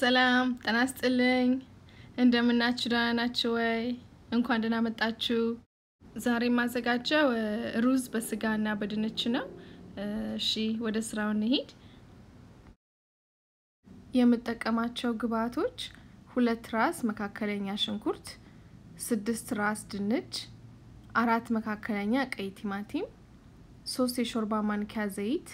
ሰላም ጤና ይስጥልኝ። እንደምናችሁ ደህና ናችሁ ወይ? እንኳን ደህና መጣችሁ። ዛሬ የማዘጋጀው ሩዝ በስጋ እና በድንች ነው። እሺ ወደ ስራው እንሂድ። የምጠቀማቸው ግብዓቶች ሁለት ራስ መካከለኛ ሽንኩርት፣ ስድስት ራስ ድንች፣ አራት መካከለኛ ቀይ ቲማቲም፣ ሶስት የሾርባ ማንኪያ ዘይት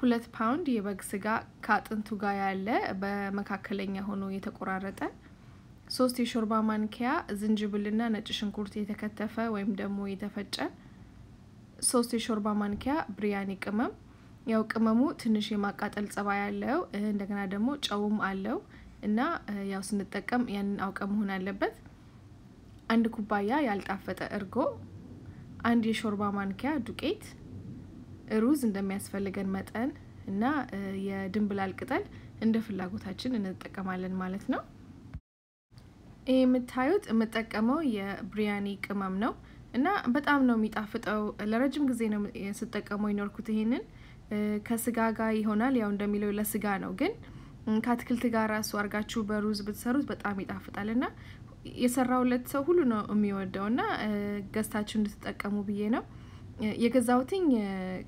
ሁለት ፓውንድ የበግ ስጋ ከአጥንቱ ጋር ያለ በመካከለኛ ሆኖ የተቆራረጠ፣ ሶስት የሾርባ ማንኪያ ዝንጅብልና ነጭ ሽንኩርት የተከተፈ ወይም ደግሞ የተፈጨ፣ ሶስት የሾርባ ማንኪያ ብሪያኒ ቅመም። ያው ቅመሙ ትንሽ የማቃጠል ጸባይ ያለው እንደገና ደግሞ ጨውም አለው እና ያው ስንጠቀም ያንን አውቀ መሆን አለበት። አንድ ኩባያ ያልጣፈጠ እርጎ፣ አንድ የሾርባ ማንኪያ ዱቄት ሩዝ እንደሚያስፈልገን መጠን እና የድንብላል ቅጠል እንደ ፍላጎታችን እንጠቀማለን ማለት ነው። ይህ የምታዩት የምጠቀመው የብሪያኒ ቅመም ነው እና በጣም ነው የሚጣፍጠው። ለረጅም ጊዜ ነው ስጠቀመው ይኖርኩት። ይሄንን ከስጋ ጋር ይሆናል ያው እንደሚለው ለስጋ ነው፣ ግን ከአትክልት ጋር ራሱ አርጋችሁ በሩዝ ብትሰሩት በጣም ይጣፍጣል እና የሰራውለት ሰው ሁሉ ነው የሚወደው እና ገዝታችሁ እንድትጠቀሙ ብዬ ነው። የገዛውትኝ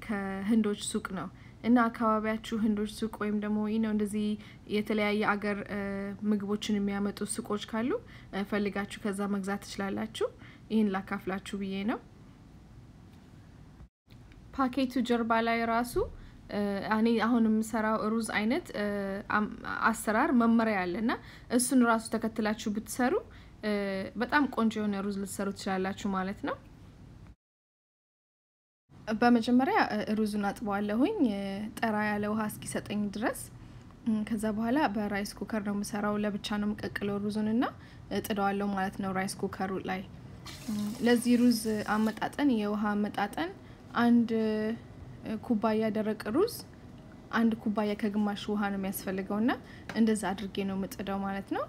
ከህንዶች ሱቅ ነው እና አካባቢያችሁ ህንዶች ሱቅ ወይም ደግሞ ነው እንደዚህ የተለያየ አገር ምግቦችን የሚያመጡ ሱቆች ካሉ ፈልጋችሁ ከዛ መግዛት ትችላላችሁ። ይህን ላካፍላችሁ ብዬ ነው። ፓኬቱ ጀርባ ላይ ራሱ እኔ አሁን የምሰራው ሩዝ አይነት አሰራር መመሪያ አለ እና እሱን ራሱ ተከትላችሁ ብትሰሩ በጣም ቆንጆ የሆነ ሩዝ ልትሰሩ ትችላላችሁ ማለት ነው። በመጀመሪያ ሩዙን አጥበዋለሁኝ ጠራ ያለ ውሃ እስኪሰጠኝ ድረስ። ከዛ በኋላ በራይስ ኩከር ነው የምሰራው። ለብቻ ነው የምቀቅለው ሩዙን እና እጥደዋለሁ ማለት ነው ራይስ ኩከሩ ላይ። ለዚህ ሩዝ አመጣጠን የውሃ አመጣጠን አንድ ኩባያ ደረቅ ሩዝ አንድ ኩባያ ከግማሽ ውሃ ነው የሚያስፈልገው እና እንደዛ አድርጌ ነው የምጥደው ማለት ነው።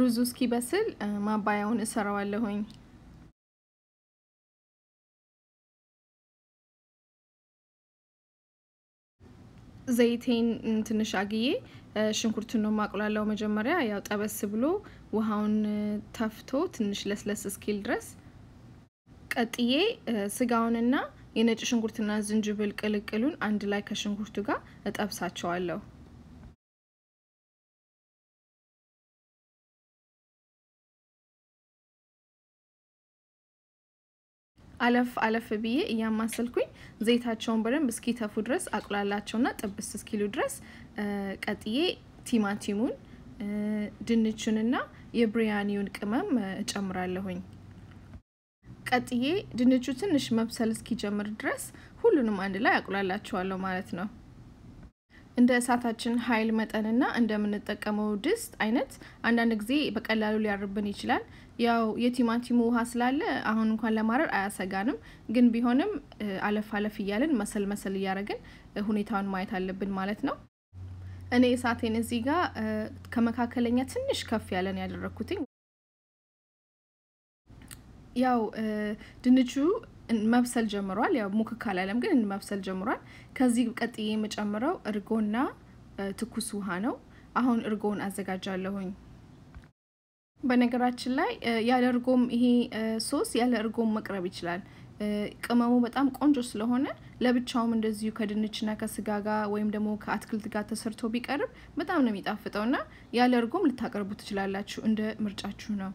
ሩዙ እስኪበስል ማባያውን እሰራዋለሁኝ። ዘይቴን ትንሽ አግዬ ሽንኩርቱን ነው ማቁላለው። መጀመሪያ ያው ጠበስ ብሎ ውሃውን ተፍቶ ትንሽ ለስለስ እስኪል ድረስ ቀጥዬ ስጋውንና የነጭ ሽንኩርትና ዝንጅብል ቅልቅሉን አንድ ላይ ከሽንኩርቱ ጋር እጠብሳቸዋለሁ። አለፍ አለፍ ብዬ እያማሰልኩኝ ዘይታቸውን በደንብ እስኪተፉ ድረስ አቁላላቸውና ጥብስ እስኪሉ ድረስ ቀጥዬ ቲማቲሙን ድንቹንና የብሪያኒውን ቅመም እጨምራለሁኝ። ቀጥዬ ድንቹ ትንሽ መብሰል እስኪጀምር ድረስ ሁሉንም አንድ ላይ አቁላላቸዋለሁ ማለት ነው። እንደ እሳታችን ኃይል መጠንና እንደምንጠቀመው ድስት አይነት አንዳንድ ጊዜ በቀላሉ ሊያርብን ይችላል። ያው የቲማቲሙ ውሃ ስላለ አሁን እንኳን ለማረር አያሰጋንም። ግን ቢሆንም አለፍ አለፍ እያልን መሰል መሰል እያደረግን ሁኔታውን ማየት አለብን ማለት ነው። እኔ እሳቴን እዚህ ጋር ከመካከለኛ ትንሽ ከፍ ያለን ያደረግኩትኝ ያው ድንቹ መብሰል ጀምሯል። ያው ሙክክ አላለም ግን መብሰል ጀምሯል። ከዚህ ቀጥዬ የምጨምረው እርጎና ትኩስ ውሃ ነው። አሁን እርጎውን አዘጋጃለሁኝ። በነገራችን ላይ ያለ እርጎም ይሄ ሶስ ያለ እርጎም መቅረብ ይችላል። ቅመሙ በጣም ቆንጆ ስለሆነ ለብቻውም እንደዚሁ ከድንችና ከስጋ ጋር ወይም ደግሞ ከአትክልት ጋር ተሰርቶ ቢቀርብ በጣም ነው የሚጣፍጠውና ያለ እርጎም ልታቀርቡ ትችላላችሁ። እንደ ምርጫችሁ ነው።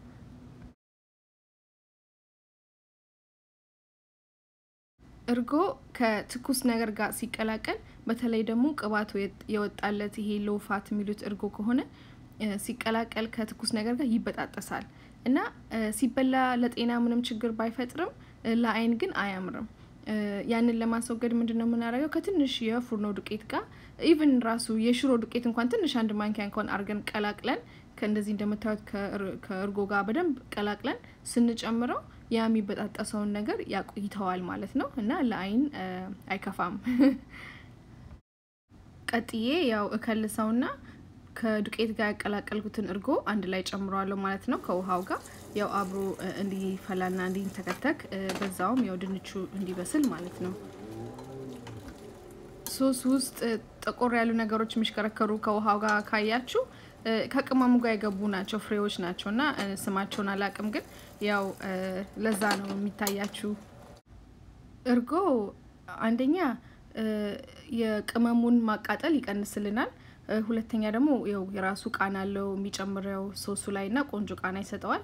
እርጎ ከትኩስ ነገር ጋር ሲቀላቀል በተለይ ደግሞ ቅባቱ የወጣለት ይሄ ሎፋት የሚሉት እርጎ ከሆነ ሲቀላቀል ከትኩስ ነገር ጋር ይበጣጠሳል እና ሲበላ ለጤና ምንም ችግር ባይፈጥርም ለአይን ግን አያምርም። ያንን ለማስወገድ ምንድን ነው የምናደርገው? ከትንሽ የፉርኖ ዱቄት ጋር ኢቭን ራሱ የሽሮ ዱቄት እንኳን ትንሽ አንድ ማንኪያ እንኳን አድርገን ቀላቅለን ከእንደዚህ እንደምታዩት ከእርጎ ጋር በደንብ ቀላቅለን ስንጨምረው ያ የሚበጣጠሰውን ነገር ያቆይተዋል ማለት ነው እና ለአይን አይከፋም። ቀጥዬ ያው እከልሰውና ከዱቄት ጋር ያቀላቀልኩትን እርጎ አንድ ላይ ጨምረዋለሁ ማለት ነው ከውሃው ጋር ያው አብሮ እንዲፈላና እንዲንተከተክ በዛውም ያው ድንቹ እንዲበስል ማለት ነው። ሶስ ውስጥ ጠቆር ያሉ ነገሮች የሚሽከረከሩ ከውሃው ጋር ካያችሁ ከቅመሙ ጋር የገቡ ናቸው ፍሬዎች ናቸው እና ስማቸውን አላቅም፣ ግን ያው ለዛ ነው የሚታያችሁ። እርጎ አንደኛ የቅመሙን ማቃጠል ይቀንስልናል። ሁለተኛ ደግሞ ያው የራሱ ቃና አለው የሚጨምረው ሶሱ ላይ እና ቆንጆ ቃና ይሰጠዋል።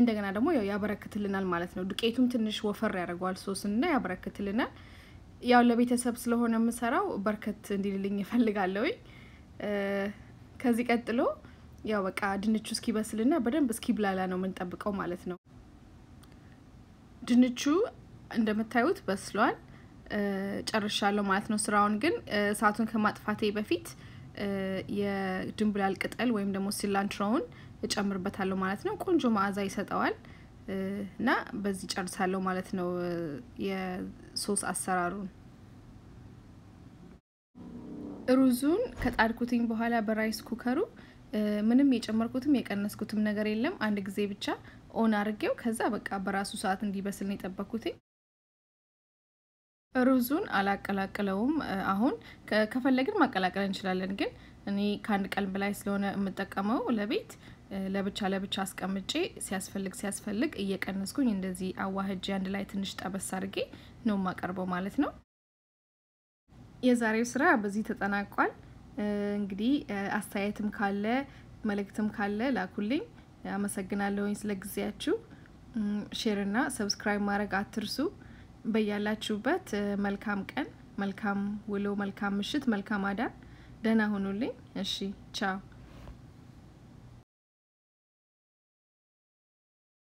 እንደገና ደግሞ ያው ያበረክትልናል ማለት ነው። ዱቄቱም ትንሽ ወፈር ያደርገዋል ሶስን እና ያበረክትልናል። ያው ለቤተሰብ ስለሆነ የምሰራው በርከት እንዲልልኝ ይፈልጋለሁኝ። ከዚህ ቀጥሎ ያው በቃ ድንቹ እስኪበስልና በደንብ እስኪብላላ ነው የምንጠብቀው ማለት ነው። ድንቹ እንደምታዩት በስሏል፣ ጨርሻለሁ ማለት ነው ስራውን። ግን እሳቱን ከማጥፋቴ በፊት የድንብላል ቅጠል ወይም ደግሞ ሲላንትሮውን እጨምርበታለሁ ማለት ነው። ቆንጆ መዓዛ ይሰጠዋል እና በዚህ ጨርሳለሁ ማለት ነው የሶስ አሰራሩን ሩዙን ከጣድኩትኝ በኋላ በራይስ ኩከሩ ምንም የጨመርኩትም የቀነስኩትም ነገር የለም። አንድ ጊዜ ብቻ ኦን አድርጌው ከዛ በቃ በራሱ ሰዓት እንዲበስል ነው የጠበኩትኝ። ሩዙን አላቀላቅለውም። አሁን ከፈለግን ማቀላቀል እንችላለን፣ ግን እኔ ከአንድ ቀን በላይ ስለሆነ የምጠቀመው ለቤት ለብቻ ለብቻ አስቀምጬ ሲያስፈልግ ሲያስፈልግ እየቀነስኩኝ እንደዚህ አዋህጄ አንድ ላይ ትንሽ ጠበስ አድርጌ ነው የማቀርበው ማለት ነው። የዛሬው ስራ በዚህ ተጠናቋል። እንግዲህ አስተያየትም ካለ መልእክትም ካለ ላኩልኝ። አመሰግናለሁኝ ስለ ጊዜያችሁ። ሼርና ሰብስክራይብ ማድረግ አትርሱ። በያላችሁበት መልካም ቀን፣ መልካም ውሎ፣ መልካም ምሽት፣ መልካም አዳር። ደህና ሁኑልኝ። እሺ፣ ቻው